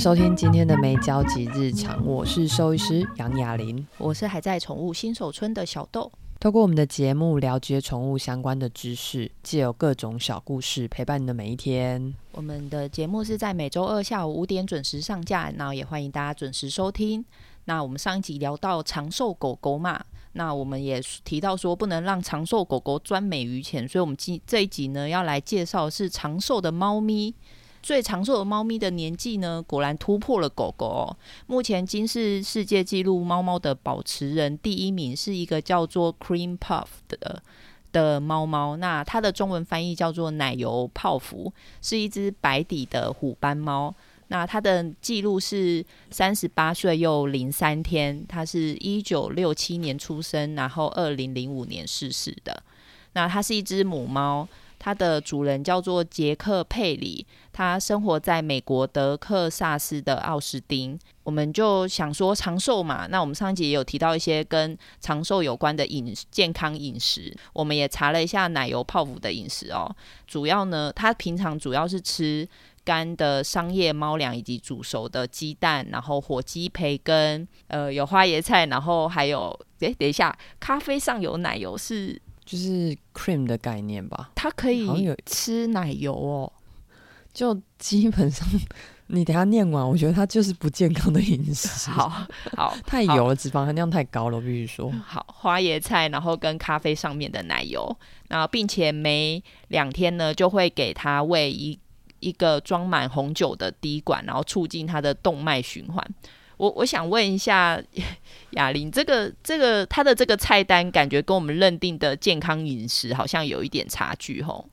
收聽今天的《沒交集日常》，我是獸醫師楊雅玲，我是還在寵物新手村的小豆。透過我們的節目了解寵物相關的知識，借由各種小故事陪伴你的每一天。我們的節目是在每周二下午五點準時上架，那也歡迎大家準時收聽。那我們上一集聊到長壽狗狗嘛，那我們也提到說不能讓長壽狗狗專美於前，所以我們今這一集呢要來介紹是長壽的貓咪。最長壽的貓咪的年紀呢，果然突破了狗狗哦。目前金氏世界紀錄貓貓的保持人第一名是一個叫做 Creme Puff 的的貓貓，那它的中文翻譯叫做奶油泡芙，是一只白底的虎斑貓。那它的記錄是三十八歲又零三天，它是一九六七年出生，然後二零零五年逝世的。那它是一只母貓。它的主人叫做傑克佩里，他生活在美國德克薩斯的奧斯汀。我們就想說長壽嘛，那我們上一集也有提到一些跟長壽有關的飲健康飲食。我們也查了一下奶油泡芙的飲食哦，主要呢，它平常主要是吃乾的商業貓糧，以及煮熟的雞蛋，然後火雞培根，呃，有花椰菜，然後還有，誒、欸，等一下，咖啡上有奶油是。就是 cream 的概念吧，它可以吃奶油哦，就基本上你等下念完，我覺得它就是不健康的飲食， 好好太油了，好脂肪含量太高了，我必須說，好花椰菜，然後跟咖啡上面的奶油，然後並且每兩天呢就會給他餵一一個裝滿紅酒的滴管，然後促進他的動脈循環。我我想問一下雅玲，這個這個它的這個菜單，感覺跟我們認定的健康飲食好像有一點差距吼。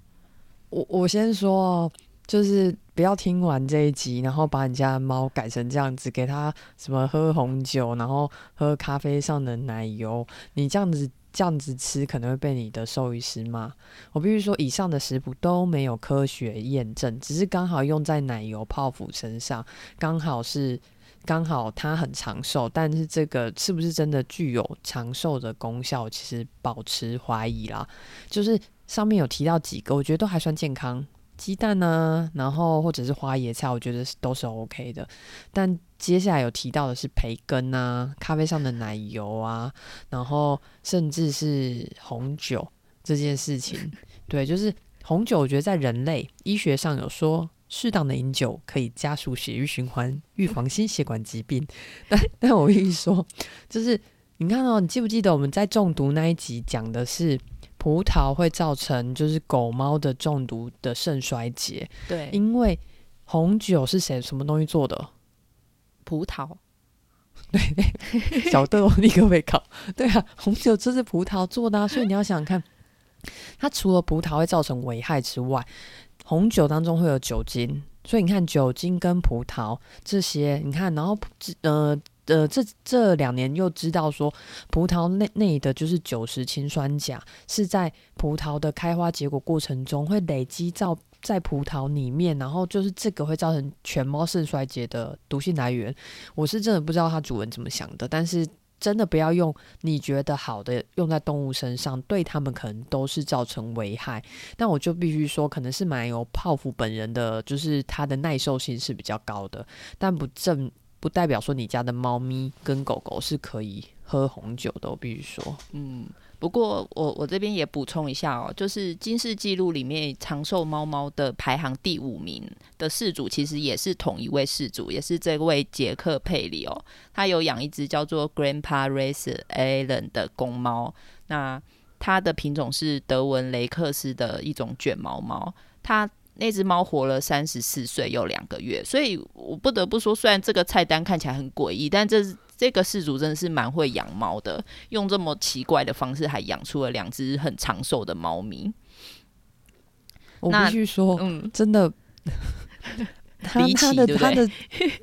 我我先說，就是不要聽完這一集，然後把你家貓改成這樣子，給他什麼喝紅酒，然後喝咖啡上的奶油，你這樣子這樣子吃可能會被你的獸醫師罵。我必須說，以上的食譜都沒有科學驗證，只是剛好用在奶油泡芙身上，剛好是。剛好它很長壽，但是這個是不是真的具有長壽的功效？其實保持懷疑啦。就是上面有提到幾個，我覺得都還算健康，雞蛋呢、啊，然後或者是花椰菜，我覺得都是 OK 的。但接下來有提到的是培根啊、咖啡上的奶油啊，然後甚至是紅酒這件事情。對，就是紅酒，我覺得在人類醫學上有說。適當的飲酒可以加速血液循環，預防心血管疾病。但但我跟你說，就是你看哦，你記不記得我們在中毒那一集講的是葡萄會造成就是狗貓的中毒的腎衰竭？對，因為紅酒是誰什麼東西做的？葡萄。 對，小豆 立刻被考。對啊，紅酒就是葡萄做的啊，所以你要想想看，它除了葡萄會造成危害之外，紅酒當中會有酒精，所以你看酒精跟葡萄這些，你看，然後呃呃，這這兩年又知道說，葡萄內內的就是酒石酸氫鉀是在葡萄的開花結果過程中會累積造在葡萄裡面，然後就是這個會造成全貓腎衰竭的毒性來源。我是真的不知道它主人怎麼想的，但是。真的不要用你覺得好的用在動物身上，對它們可能都是造成危害。但我就必須說，可能是奶油泡芙本人的，就是它的耐受性是比較高的，但不正不代表說你家的貓咪跟狗狗是可以喝紅酒的。我必須說，嗯。不過我，我我這邊也補充一下哦，就是《金氏紀錄》裡面長壽貓貓的排行第五名的飼主，其實也是同一位飼主，也是這位傑克佩里哦。他有養一隻叫做 Grandpa Race Allen 的公貓，那它的品種是德文雷克斯的一種捲毛貓，貓。它那隻貓活了三十四歲又兩個月，所以我不得不說，雖然這個菜單看起來很詭異，但這是。這個飼主真的是蠻會養貓的，用這麼奇怪的方式還養出了兩隻很長壽的貓咪。我必須說，那真的，嗯、 他奇他的 他的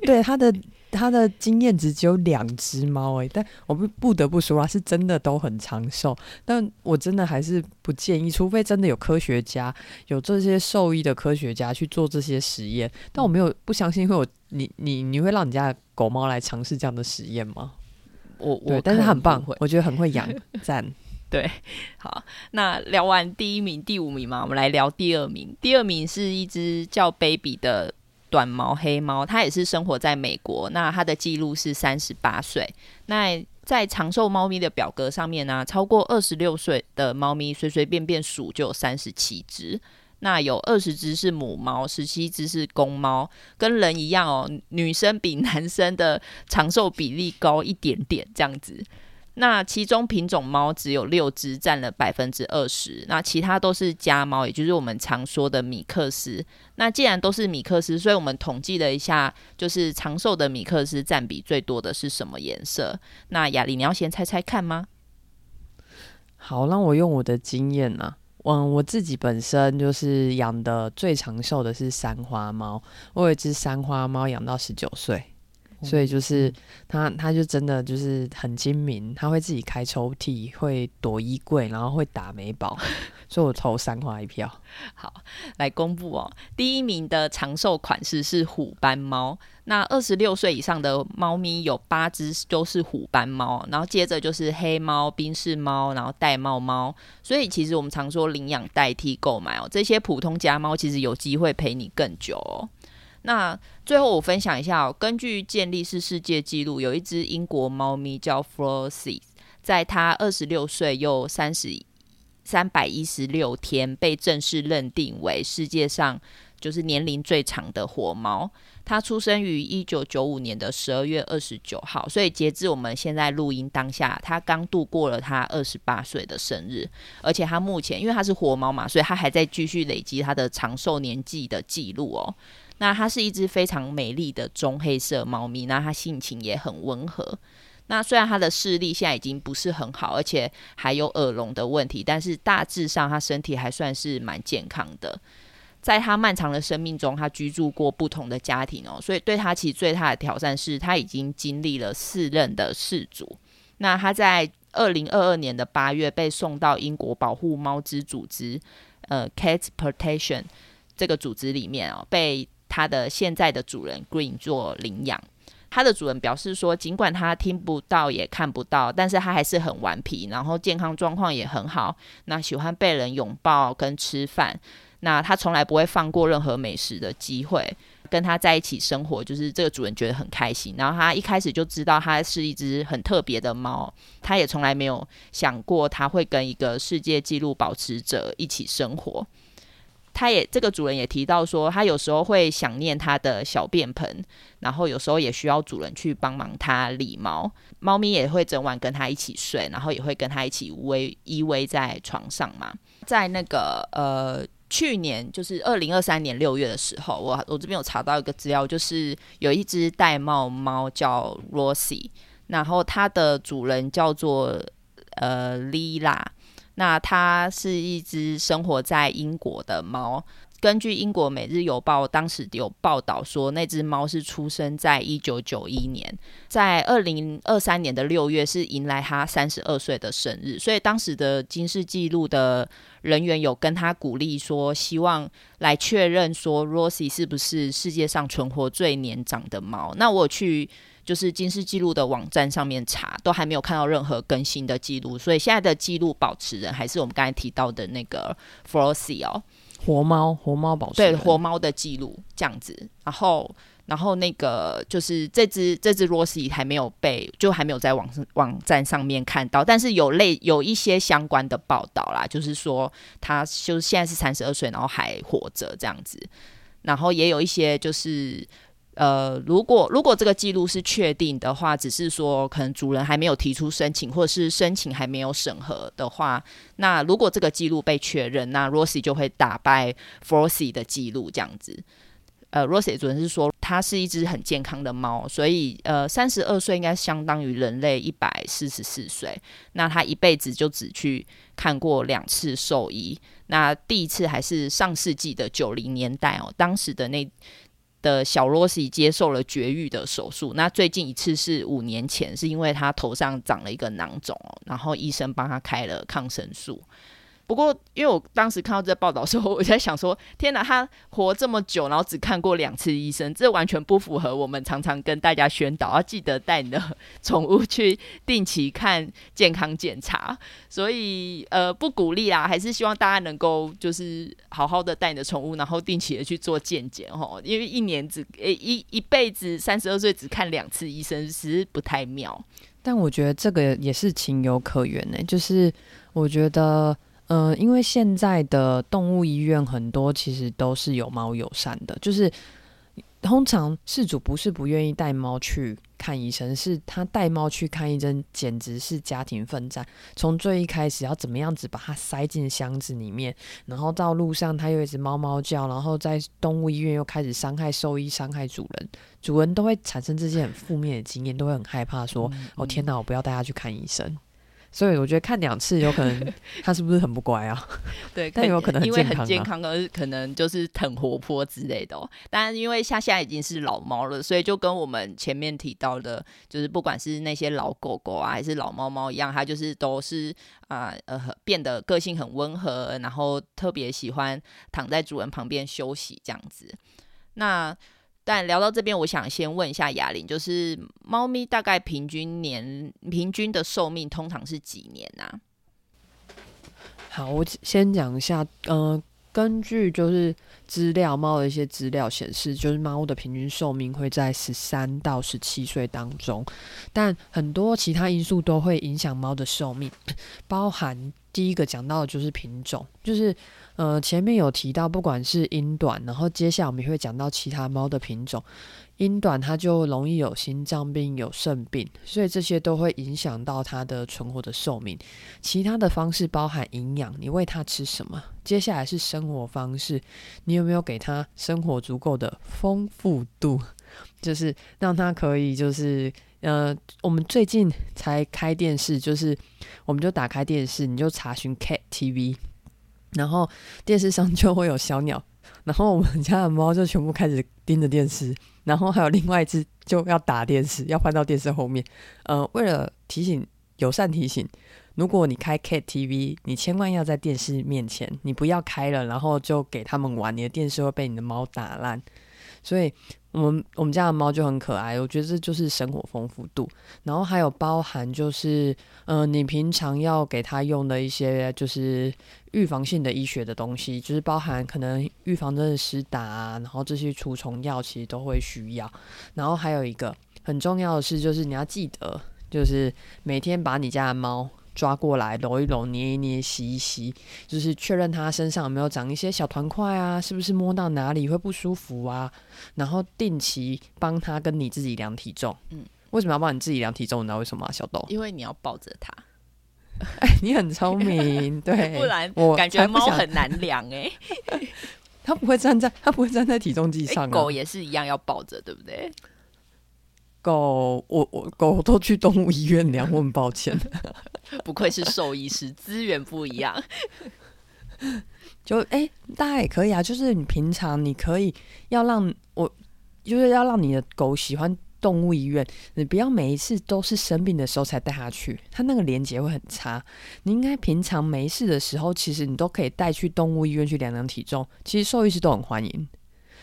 對他的他的，他的經驗只只有兩隻貓哎、欸，但我不不得不說啊，是真的都很長壽。但我真的還是不建議，除非真的有科學家有這些獸醫的科學家去做這些實驗，但我沒有不相信，會有。你你你會讓你家的狗貓來嘗試這樣的實驗嗎？我我對，但是它很棒，我覺得很會養，讚 讚。對，好，那聊完第一名、第五名嘛，我們來聊第二名。第二名是一隻叫 Baby 的短毛黑貓，它也是生活在美國。那它的記錄是三十八歲。那在長壽貓咪的表格上面呢、啊，超過二十六歲的貓咪，隨隨便便數就有三十七隻。那有二十只是母貓，十七只是公貓，跟人一樣哦，女生比男生的長壽比例高一點點這樣子。那其中品種貓只有六只，占了百分之二十。那其他都是家貓，也就是我們常說的米克斯。那既然都是米克斯，所以我們統計了一下，就是長壽的米克斯占比最多的是什麼顏色？那雅麗你要先猜猜看嗎？好，讓我用我的經驗啊。嗯，我自己本身就是養的最長壽的是三花貓，我有一隻三花貓養到十九歲。所以就是他，嗯、他就真的就是很精明，他會自己開抽屜，會躲衣櫃，然後會打美寶。所以我投三花一票。 好，來公布哦，第一名的長壽款式是虎斑貓。那二十六歲以上的貓咪有八只都是虎斑貓，然後接着就是黑貓、賓士貓，然後玳瑁貓，貓。所以其實我們常說領養代替購買哦，這些普通家貓其實有機會陪你更久哦。那最後我分享一下哦，根據健力士世界紀錄，有一只英國貓咪叫 Flossy 在它二十六歲又三十三百一十六天被正式認定為世界上就是年齡最長的活貓。它出生於一九九五年的十二月二十九號，所以截至我們現在錄音當下，它剛度過了它二十八歲的生日。而且它目前因為它是活貓嘛，所以它還在繼續累積它的長壽年紀的記錄哦。那它是一隻非常美麗的棕黑色貓咪，那它性情也很溫和。那雖然它的視力現在已經不是很好，而且還有耳聾的問題，但是大致上它身體還算是蠻健康的。在它漫長的生命中，它居住過不同的家庭哦，所以對它其實最大的挑戰是，它已經經歷了四任的飼主。那它在二零二二年的八月被送到英國保護貓隻組織，呃，Cats Protection 這個組織裡面哦，被。它的現在的主人 Green 做領養。它的主人表示說，儘管它聽不到也看不到，但是它還是很頑皮，然後健康狀況也很好。那喜歡被人擁抱跟吃飯，那它從來不會放過任何美食的機會。跟它在一起生活，就是這個主人覺得很開心。然後他一開始就知道它是一隻很特別的貓，他也從來沒有想過它會跟一個世界紀錄保持者一起生活。它也這個主人也提到說，它有時候會想念它的小便盆，然後有時候也需要主人去幫忙它理毛。貓咪也會整晚跟它一起睡，然後也會跟它一起偎依偎在床上嘛。在那個呃去年，就是二零二三年六月的時候，我我這邊有查到一個資料，就是有一隻玳瑁貓叫 Rosie，然後它的主人叫做呃 Lila。那它是一隻生活在英國的貓，根據英國《每日郵報》當時有報道說，那隻貓是出生在一九九一年，在二零二三年的六月是迎來它三十二歲的生日，所以當時的《金氏紀錄》的人員有跟他鼓勵說，希望來確認說 Rossi 是不是世界上存活最年長的貓。那我去。就是金氏記錄的網站上面查，都還沒有看到任何更新的記錄，所以現在的記錄保持人還是我們剛才提到的那個 Flossie 哦，活貓，活貓保持人，對活貓的記錄這樣子。然後，然後那個就是這隻這隻 Rossi 還沒有被，就還沒有在網上網站上面看到，但是有類有一些相關的報道啦，就是說他就是現在是三十二歲，然後還活着這樣子。然後也有一些就是。呃，如果如果這個記錄是確定的話，只是說可能主人還沒有提出申請，或者是申請還沒有審核的話，那如果這個記錄被確認，那 Rossi 就會打敗 Flossie 的記錄這樣子。呃，Rossi 主人是說，它是一隻很健康的貓，所以呃，三十二歲應該相當於人類一百四十四歲。那它一輩子就只去看過兩次獸醫，那第一次還是上世紀的九零年代哦，當時的那。的小羅斯接受了絕育的手術。那最近一次是五年前，是因為他頭上長了一個囊腫，然後醫生幫他開了抗生素。不過，因為我當時看到這報道時候，我在想說：天哪，他活這麼久，然後只看過兩次醫生，這完全不符合我們常常跟大家宣導要記得帶你的寵物去定期看健康檢查。所以，呃，不鼓勵啦，還是希望大家能夠就是好好的帶你的寵物，然後定期的去做健檢哦。因為一年只、欸、一一輩子三十二歲只看兩次醫生是不太妙。但我覺得這個也是情有可原呢、欸，就是我覺得。呃，因為現在的動物醫院很多其實都是有貓友善的，就是通常事主不是不願意帶貓去看醫生，是他帶貓去看醫生，簡直是家庭奮戰。從最一開始要怎麼樣子把它塞進箱子裡面，然後到路上它又一直貓貓叫，然後在動物醫院又開始傷害獸醫、傷害主人，主人都會產生這些很負面的經驗， 都會很害怕說：“哦，天哪，我不要帶他去看醫生。”所以我覺得看兩次有可能，它是不是很不乖啊？ 對， 但有可能很、啊、因為很健康，可是可能就是很活潑之類的、哦。但因為夏夏已經是老貓了，所以就跟我們前面提到的，就是不管是那些老狗狗啊，還是老貓貓一樣，它就是都是啊呃，呃變得個性很溫和，然後特別喜歡躺在主人旁邊休息這樣子。那但聊到這邊，我想先問一下雅玲，就是貓咪大概平均年平均的壽命通常是幾年呢、啊？好，我先講一下，嗯、呃，根據就是資料貓的一些資料顯示，就是貓的平均壽命會在十三到十七歲當中，但很多其他因素都會影響貓的壽命，包含。第一個講到的就是品種，就是呃前面有提到，不管是英短，然後接下來我們也會講到其他貓的品種。英短它就容易有心臟病、有腎病，所以這些都會影響到它的存活的壽命。其他的方式包含營養，你餵它吃什麼？接下來是生活方式，你有沒有給它生活足夠的豐富度？就是讓它可以就是。呃，我們最近才開電視，就是我們就打開電視，你就查詢 Cat TV，然後電視上就會有小鳥，然後我們家的貓就全部開始盯着電視，然後還有另外一隻就要打電視，要趴到電視後面。呃，為了提醒，友善提醒，如果你開 Cat TV，你千萬要在電視面前，你不要開了，然後就給他們玩，你的電視會被你的貓打爛。所以，我們我們家的貓就很可愛，我覺得這就是生活豐富度。然後還有包含就是，嗯、呃，你平常要給它用的一些就是預防性的醫學的東西，就是包含可能預防針的施打啊，然後這些除蟲藥其實都會需要。然後還有一個很重要的事，就是你要記得，就是每天把你家的貓。抓過來揉一揉捏一捏，洗一洗，就是確認它身上有沒有長一些小團塊啊，是不是摸到哪裡會不舒服啊？然後定期幫他跟你自己量體重。嗯，為什麼要幫你自己量體重？你知道為什麼嗎？小豆？因為你要抱着它。哎，你很聰明， 對。不然我感覺貓很難量哎。它不， 不會站在它不會站在體重計上啊。狗也是一樣要抱着，對不對？狗，我我狗我都去動物醫院量，我很抱歉。 不愧是獸醫師，資 源不一樣。就哎、欸，大家也可以啊。就是你平常你可以要讓我，就是要讓你的狗喜歡動物醫院。你不要每一次都是生病的時候才帶它去，它那個連接會很差。你應該平常沒事的時候，其實你都可以帶去動物醫院去量量體重。其實獸醫師都很歡迎，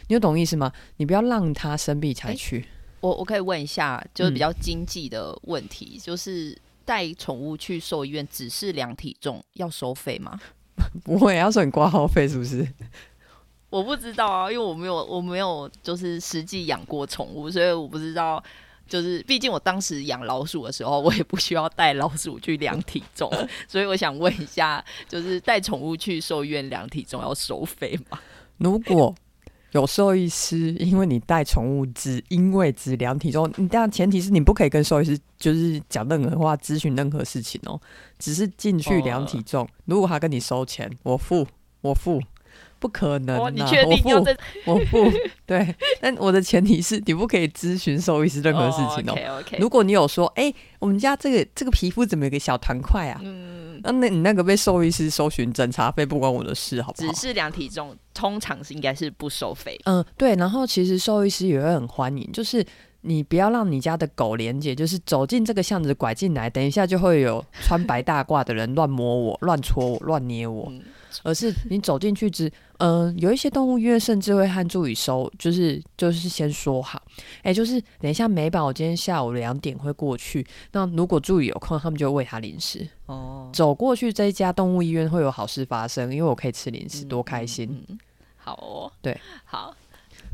你有懂意思嗎？你不要讓它生病才去。欸我我可以問一下，就是比較經濟的問題，嗯、就是帶寵物去獸醫院只是量體重要收費嗎？不，不會，要收你掛號費是不是？我不知道啊，因為我沒有，我沒有，就是實際養過寵物，所以我不知道。就是，畢竟我當時養老鼠的時候，我也不需要帶老鼠去量體重， 所以我想問一下，就是帶寵物去獸醫院量體重要收費嗎？如果有獸醫師，因為你帶寵物只因為只量體重，但前提是你不可以跟獸醫師就是講任何話、諮詢任何事情哦、喔，只是進去量體重。如果他跟你收錢，我付，我付。不可能、啊哦，我！我不，我不 對。但我的前提是你不可以諮詢獸醫師任何事情哦。哦 okay, okay，如果你有說，哎、欸，我們家這個這個皮膚怎麼有個小團塊啊？嗯、啊、那那，你那個被獸醫師搜尋診查費不關我的事，好不好？只是量體重，通常是應該是不收費。嗯，對。然後其實獸醫師也會很歡迎，就是你不要讓你家的狗連結，就是走進這個巷子拐進來，等一下就會有穿白大褂的人亂摸我、亂戳我、亂捏我，嗯、而是你走進去之。嗯、呃，有一些動物醫院甚至會和助理收，就是就是先說好，哎、欸，就是等一下美寶，我今天下午兩點會過去，那如果助理有空，他們就餵他零食。哦，走過去這一家動物醫院會有好事發生，因為我可以吃零食，多開心。嗯、好哦，對，好。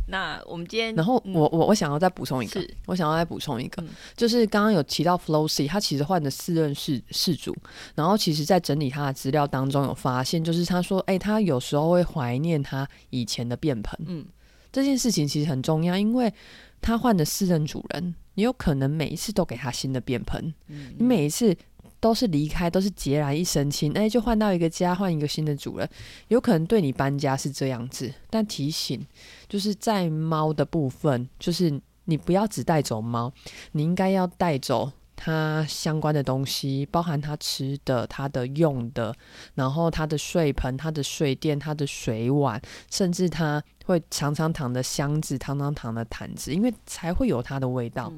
那我們今天，然後我、嗯、我我想要再補充一個，我想要再補充一個，就是剛剛有提到 f l o s y 他其實換的四任飼飼主，然後其實在整理他的資料當中有發現，就是他說，哎、欸，他有時候會懷念他以前的便盆。嗯，這件事情其實很重要，因為他換的四任主人，你有可能每一次都給他新的便盆，嗯、你每一次。都是離開，都是孑然一身輕，哎、欸，就換到一個家，換一個新的主人，有可能對你搬家是這樣子。但提醒，就是在貓的部分，就是你不要只帶走貓，你應該要帶走它相關的東西，包含它吃的、它的用的，然後它的睡盆、它的睡墊、它的水碗，甚至它會常常躺的箱子、常常躺的毯子，因為才會有它的味道。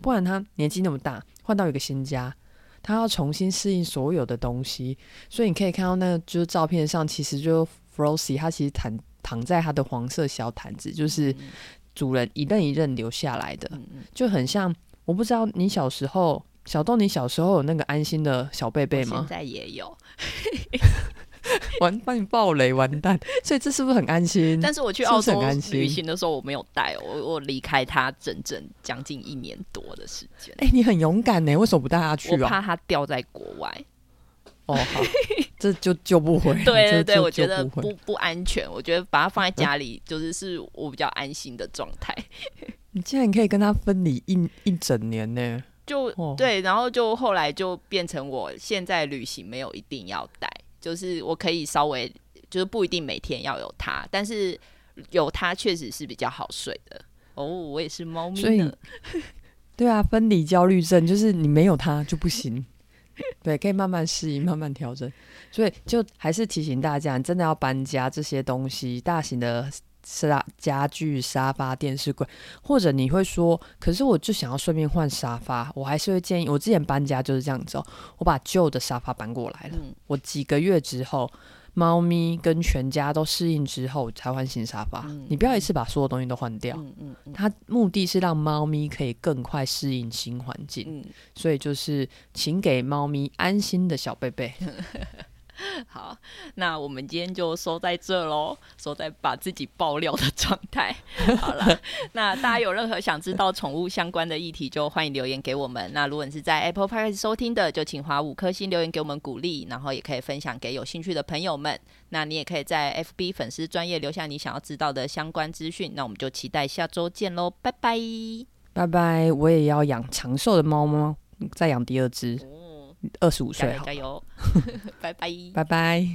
不然它年紀那麼大，換到一個新家。他要重新適應所有的東西，所以你可以看到，那個就是照片上，其實就 Froxy，它其實躺躺在它的黃色小毯子，就是主人一任一任留下來的，就很像。我不知道你小時候，小豆，你小時候有那個安心的小貝貝嗎？現在也有。 完，幫你爆雷完蛋，所以這是不是很安心？但是我去澳洲旅行的時候，我沒有帶我，我離開他整整將近一年多的時間。哎、欸，你很勇敢呢、欸，為什麼不帶他去？啊？我怕他掉在國外。哦，好， 這就救不回。對，對對，我覺得不不安全。我覺得把它放在家裡，就是是我比較安心的狀態。 你竟然可以跟他分離一一整年呢、欸？就、哦、對，然後就後來就變成我現在旅行沒有一定要帶。就是我可以稍微，就是不一定每天要有它，但是有它確實是比較好睡的。哦，Oh，我也是貓咪呢？對啊，分離焦慮症就是你沒有它就不行。 對，可以慢慢適應，慢慢調整。所以就還是提醒大家，真的要搬家這些東西，大型的。是啦，家具、沙發、電視櫃，或者你會說，可是我就想要順便換沙發，我還是會建議。我之前搬家就是這樣子哦、喔，我把舊的沙發搬過來了。嗯、我幾個月之後，貓咪跟全家都適應之後才換新沙發。嗯、你不要一次把所有東西都換掉。嗯嗯嗯嗯、它目的是讓貓咪可以更快適應新環境。嗯、所以就是，請給貓咪安心的小貝貝。 好，那我們今天就收在這嘍，收在把自己爆料的狀態。好了， 那大家有任何想知道寵物相關的議題，就歡迎留言給我們。那如果你是在 Apple Podcast 收聽的，就請劃五顆星留言給我們鼓勵，然後也可以分享給有興趣的朋友們。那你也可以在 FB 粉絲專頁留下你想要知道的相關資訊。那我們就期待下周見嘍，拜拜拜拜！我也要養長壽的貓貓，再養第二隻。二十五歲，加油！呵呵，拜拜，拜拜。